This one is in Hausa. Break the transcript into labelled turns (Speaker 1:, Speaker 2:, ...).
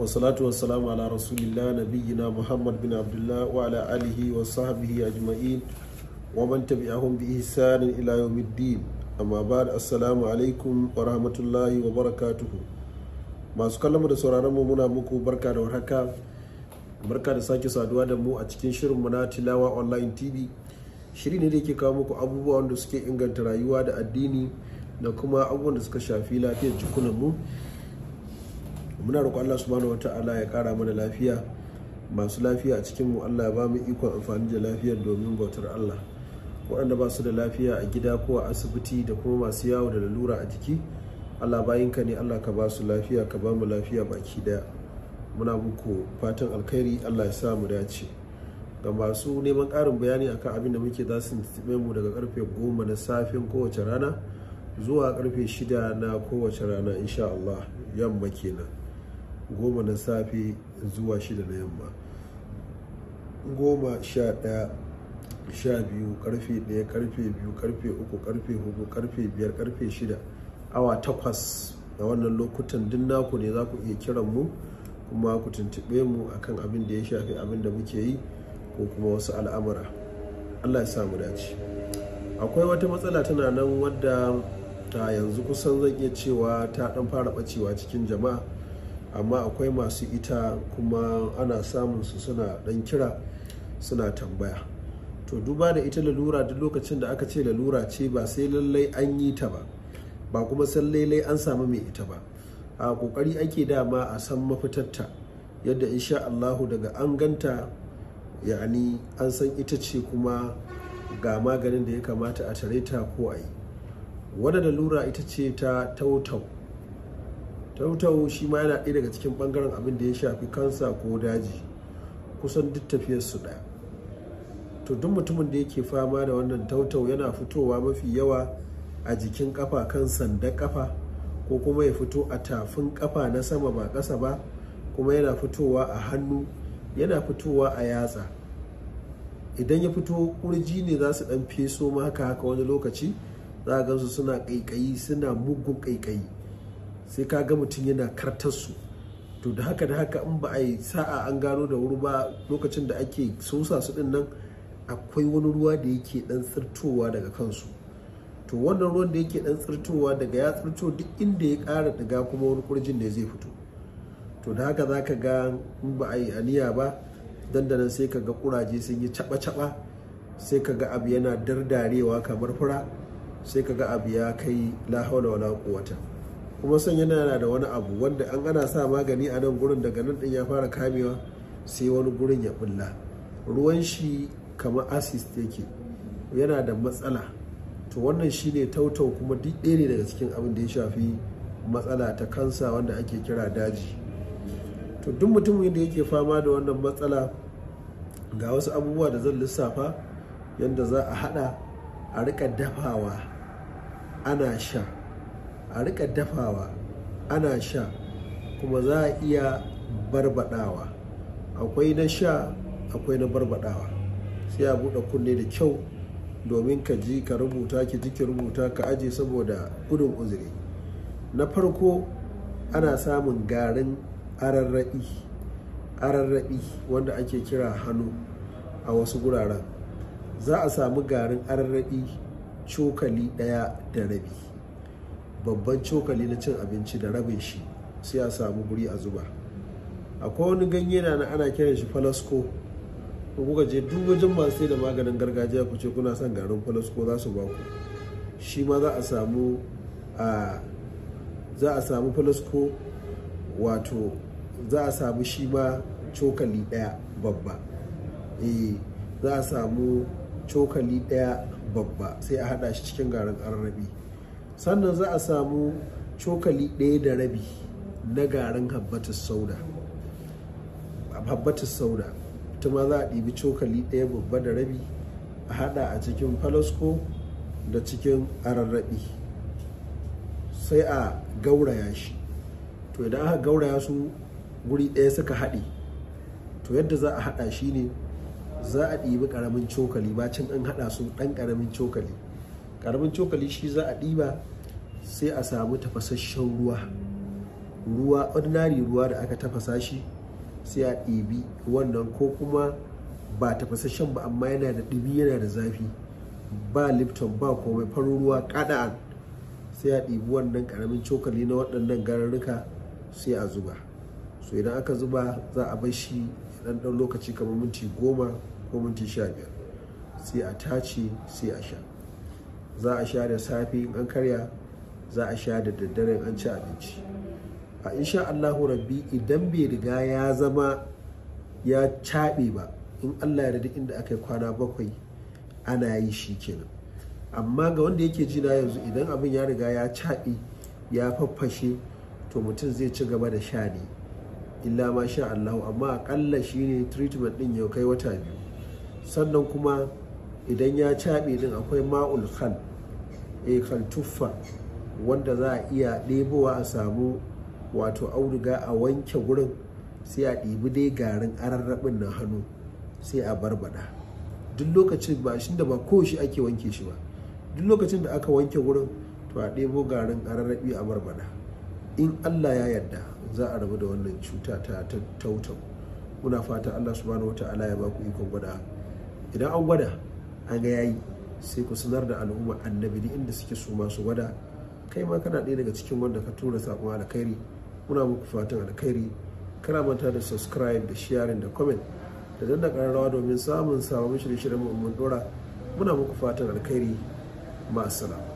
Speaker 1: wasalatu wasalamu ala rasulillah nabiyina muhammad bin abdullah wa ala alihi wa sahbihi ajma'in wa man tabi'ahum bi ihsanin ila yawmiddin amma ba'd assalamu alaikum wa rahmatullahi wa barakatuhu masu kallon da sauraron mu muna muku barka da warhaka barka da sake saduwa da mu a cikin shirin mu na tilawa online tv shiri ne da ke kawo muku abubuwa wanda suke inganta rayuwa da addini da kuma abubuwan da suka shafi lafiyar jikunan mu muna roƙon Allah subhanahu wata'ala ya kara mana lafiya masu lafiya a cikin mu Allah ya ba mu ikon amfani da lafiyar domin bautar Allah waɗanda ba su da lafiya a gida ko a asibiti da kuma masu yawo da lalura a jiki Allah ka ne Allah ka ba su lafiya ka ba mu lafiya baki daya muna muku fatan alkhairi Allah ya sa mu dace ga masu neman ƙarin bayani akan abin da muke za su mu daga karfe goma na safin kowace rana zuwa karfe shida na kowace rana insha Allah yamma kenan goma na safe zuwa shida na yamma goma sha ɗaya sha biyu karfe ɗaya karfe biyu karfe uku karfe hudu karfe biyar karfe shida awa takwas a wannan lokutan din naku ne za ku iya kiran mu kuma ku tuntuɓe mu akan abin da ya shafi abin da muke yi ko kuma wasu al'amura allah ya samu dace akwai wata matsala tana nan wadda ta yanzu kusan zan iya cewa ta ɗan fara ɓacewa cikin jama'a amma akwai masu ita kuma ana samun su suna dan kira suna tambaya to duba da ita lalura duk lokacin da aka ce lalura ce ba sai lallai an yi ta ba ba kuma san lallai an samu mai ita ba a kokari ake dama a san mafitarta yadda insha Allahu daga an ganta yani an san ita ce kuma ga maganin da ya kamata a tare ta ko a yi wadda lalura ita ce ta tautau tautau shi ma yana ɗaya daga cikin ɓangaren abin da ya shafi kansa ko daji kusan duk tafiyarsu su ɗaya to duk mutumin da yake fama da wannan tautau yana fitowa mafi yawa a jikin ƙafa kan sanda ƙafa ko kuma ya fito a tafin ƙafa na sama ba ƙasa ba kuma yana fitowa a hannu yana fitowa a yatsa idan ya fito kurji ne za su ɗan feso ma haka haka wani lokaci za a gansu suna ƙaiƙayi suna mugun ƙaiƙayi sai ka ga mutum yana kartar su to da haka da haka in ba a yi sa'a an gano da wuri ba lokacin da ake sosa su din nan akwai wani ruwa da yake dan tsirtowa daga kansu to wannan ruwan da yake dan tsirtowa daga ya tsirto duk inda ya ƙara daga kuma wani kurjin da zai fito to da haka zaka ga in ba a yi aniya ba dandanan sai ka ga kuraje sun yi caba-caba sai ka ga abu yana dardarewa kamar fura sai ka ga abu ya kai la hawla wala quwwata kuma son yana da wani abu wanda an ana sa magani a nan gurin daga nan din ya fara kamewa sai wani gurin ya bulla ruwan shi kamar asis yake yana da matsala to wannan shine tautau kuma duk ɗaya ne daga cikin abin da ya shafi matsala ta kansa wanda ake kira daji to duk mutumin da yake fama da wannan matsala ga wasu abubuwa da zan lissafa yadda za a hada a rika dafawa ana sha a rika dafawa ana sha kuma za a iya barbaɗawa akwai na sha akwai na barbaɗawa sai a buɗe kunne da kyau domin ka ji ka rubuta ki ji ki rubuta ka aje saboda gudun uzuri na farko ana samun garin ararraɗi ararraɗi wanda ake kira hannu a wasu guraren za a samu garin ararraɗi cokali ɗaya da rabi babban cokali na cin abinci da rabin shi sai a samu guri a zuba akwai wani ganye na ana kiran shi falasko ko kuka je duk wajen masu sai da maganin gargajiya ku ce kuna son garin falasko za su baku shi ma za a samu falasko wato za a samu shi ma cokali ɗaya babba eh za a samu cokali ɗaya babba sai a haɗa shi cikin garin arrabi sannan za a samu cokali ɗaya da rabi na garin habbatus sauda habbatus sauda za a ɗibi cokali ɗaya babba da rabi a haɗa a cikin falasko da cikin ararraɓi sai a gauraya shi to idan aka gauraya su guri ɗaya suka haɗe to yadda za a haɗa shi ne za a ɗibi ƙaramin cokali bacin an haɗa su ɗan ƙaramin cokali karamin cokali shi za a ɗiba sai a samu tafasasshen ruwa ruwa ordinary ruwa da aka tafasa shi sai a ɗibi wannan ko kuma ba tafasasshen ba amma yana da ɗibi yana da zafi ba lipton ba komai farin ruwa kada'an sai a ɗibi wannan karamin cokali na waɗannan gararruka sai a zuba so idan aka zuba za a bar shi dan ɗan lokaci kamar minti goma ko minti sha biyar sai a tace sai a sha za a sha da safe in an karya za a sha da daddare an ci abinci a insha Allahu rabbi idan bai riga ya zama ya caɓe ba in Allah ya duk inda aka yi kwana bakwai ana yi shi kenan amma ga wanda yake ji na yanzu idan abin ya riga ya caɓe ya faffashe to mutum zai ci gaba da sha ne illa ma sha Allahu amma akalla shine treatment din ya kai wata biyu sannan kuma idan ya caɓe din akwai ma'ul khal Eh, tuffa wanda za a iya ɗebowa a samu wato auduga a wanke wurin sai a ɗibi dai garin ararrabin na hannu sai a barbada duk lokacin ba shi da ba ko shi ake wanke shi ba duk lokacin da aka wanke wurin to a ɗebo garin ararrabi a barbada in allah ya yarda za a rabu da wannan cuta ta tautau muna fata allah subhanahu wa ta'ala ya baku ikon gwada idan an gwada an ga yayi sai ku sanar da al'umma annabi duk inda suke su masu wada kai ma kana ɗaya daga cikin wanda ka tura saƙon alkhairi muna muku fatan alkhairi kana manta da subscribe da sharing da comment da danna ƙararrawa domin samun sabon shirye-shiryen mu mun dora muna muku fatan alkhairi ma'assalam